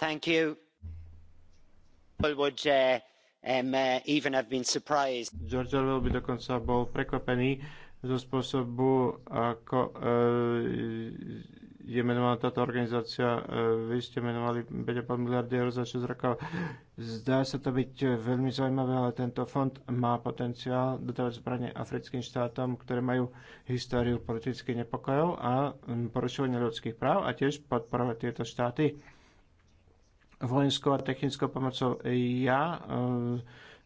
thank you. people would um, uh, even have been surprised. george orwell by dokonca bol prekvapený zo spôsobu, ako uh, je menovaná táto organizácia. Uh, vy ste menovali 5,5 miliardy eur za 6 rokov. Zdá sa to byť eh, veľmi zaujímavé, ale tento fond má potenciál dodávať zbranie africkým štátom, ktoré majú históriu politických nepokojov a hm, porušovania ľudských práv a tiež podporovať tieto štáty vojenskou a technickou pomocou. Ja e,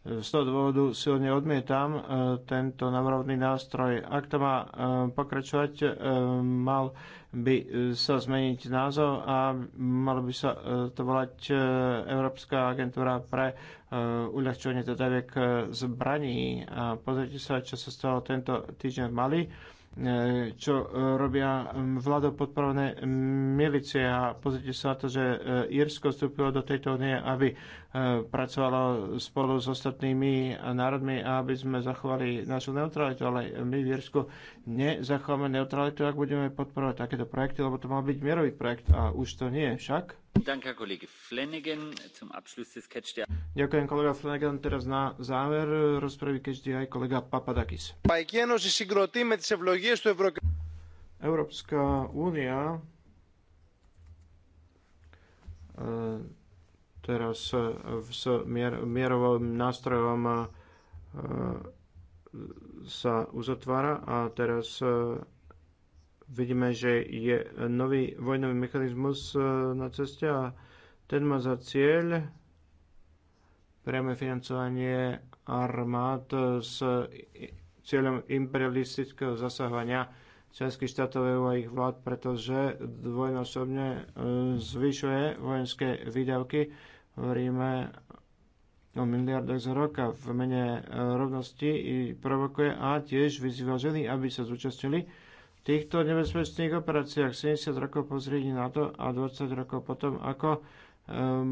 z toho dôvodu silne odmietam e, tento navrhovný nástroj. Ak to má e, pokračovať, mal by sa zmeniť názov a malo by sa to volať Európska agentúra pre uľahčovanie dodaviek zbraní. A pozrite sa, čo sa stalo tento týždeň v Mali E, čo e, robia vládou podporované milície. A pozrite sa na to, že e, Írsko vstúpilo do tejto únie, aby pracovalo spolu s ostatnými národmi a aby sme zachovali našu neutralitu. Ale my v Írsku nezachováme neutralitu, ak budeme podporovať takéto projekty, lebo to mal byť mierový projekt a už to nie, však? Ďakujem Flanagan. Zum Abschluss des Ďakujem kolega Flanagan. Teraz na záver rozpravy keďže aj kolega Papadakis. Európska únia teraz s mier, mierovým nástrojom sa uzatvára a teraz e, vidíme, že je nový vojnový mechanizmus e, na ceste a ten má za cieľ priame financovanie armád s cieľom imperialistického zasahovania členských štátov EU a ich vlád, pretože dvojnásobne e, zvyšuje vojenské výdavky. Hovoríme o miliardách za rok a v mene e, rovnosti i provokuje a tiež vyzýva ženy, aby sa zúčastnili v týchto nebezpečných operáciách 70 rokov po zriadení NATO a 20 rokov potom, ako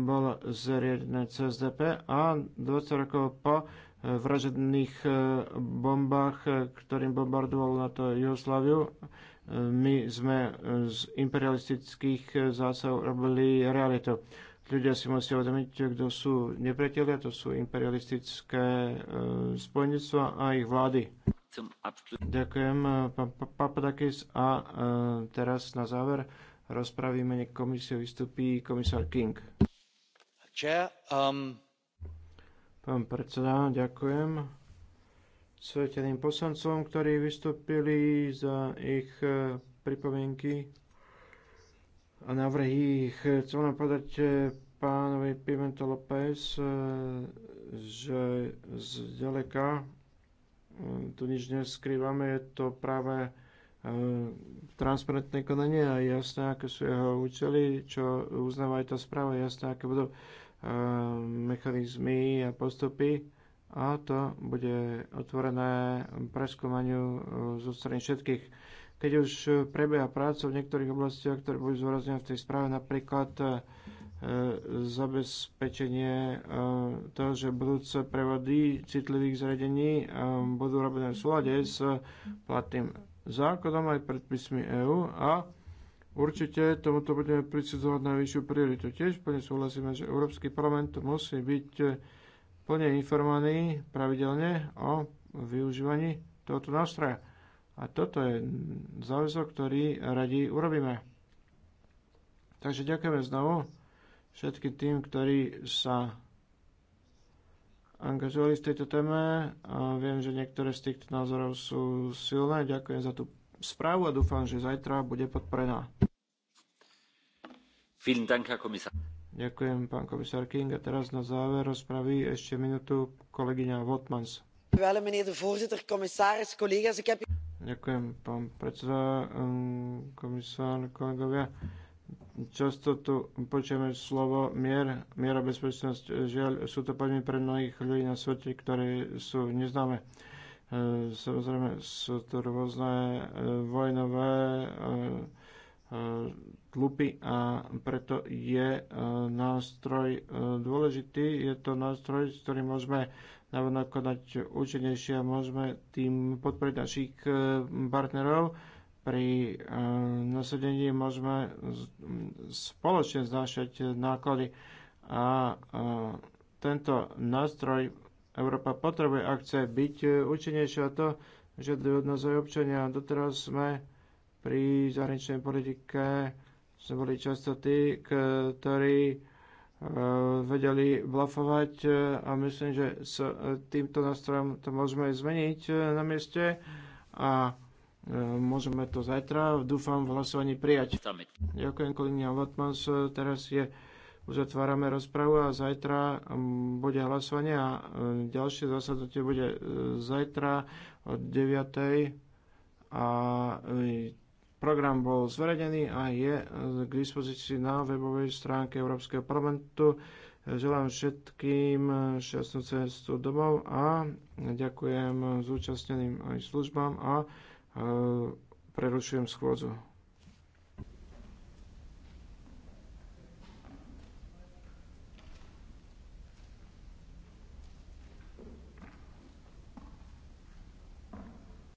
bolo zriadené CSDP a 20 rokov po eh, vražedných eh, bombách, eh, ktorým bombardoval na to Jugosláviu, my sme z imperialistických zásahov robili realitu. Ľudia si musia uvedomiť, kto sú nepriatelia, to sú imperialistické spojenectva a ich vlády. Ďakujem, pán Papadakis. A teraz na záver rozpravy mene komisiu vystupí komisár King. Chair, um... Pán predseda, ďakujem sveteným poslancom, ktorí vystúpili za ich eh, pripomienky a návrhy. Chcem vám povedať eh, pánovi Pimento López, eh, že zďaleka tu nič neskrývame, je to práve transparentné konanie a jasné, aké sú jeho účely, čo uznáva aj tá správa, jasné, aké budú mechanizmy a postupy a to bude otvorené preskúmaniu e, zo strany všetkých. Keď už prebieha práca v niektorých oblastiach, ktoré budú zúraznené v tej správe, napríklad e, zabezpečenie e, toho, že budúce prevody citlivých zariadení budú robené v súlade s platným zákonom aj predpismi EÚ a určite tomuto budeme prisudzovať najvyššiu prioritu. Tiež plne súhlasíme, že Európsky parlament musí byť plne informovaný pravidelne o využívaní tohoto nástroja. A toto je záväzok, ktorý radi urobíme. Takže ďakujeme znovu všetkým tým, ktorí sa angažovali v tejto téme a viem, že niektoré z týchto názorov sú silné. Ďakujem za tú správu a dúfam, že zajtra bude podporená. Ďakujem, pán komisár King. A teraz na záver rozpraví ešte minútu kolegyňa Votmans. Ďakujem, pán predseda, um, komisár, kolegovia. Často tu počujeme slovo mier, mier a bezpečnosť. Žiaľ, sú to pojmy pre mnohých ľudí na svete, ktorí sú neznáme. E, samozrejme, sú to rôzne e, vojnové e, tlupy a preto je nástroj dôležitý. Je to nástroj, s ktorým môžeme navodnokonať účinnejšie a môžeme tým podporiť našich partnerov pri eh, nasadení môžeme spoločne znášať náklady a eh, tento nástroj Európa potrebuje ak chce byť eh, účinnejšia a to že od nás aj občania. Doteraz sme pri zahraničnej politike sme boli často tí, ktorí vedeli blafovať a myslím, že s týmto nástrojom to môžeme zmeniť na mieste a Eh, môžeme to zajtra, dúfam, v hlasovaní prijať. Ďakujem kolegyňa Lotmans. Teraz je uzatvárame rozpravu a zajtra mm, bude hlasovanie a eh, ďalšie zasadnutie bude eh, zajtra od 9. a program bol zverejnený a je k dispozícii na webovej stránke Európskeho parlamentu. Želám všetkým šťastnú cestu domov a ďakujem zúčastneným aj službám a Prerušujem schôdzu.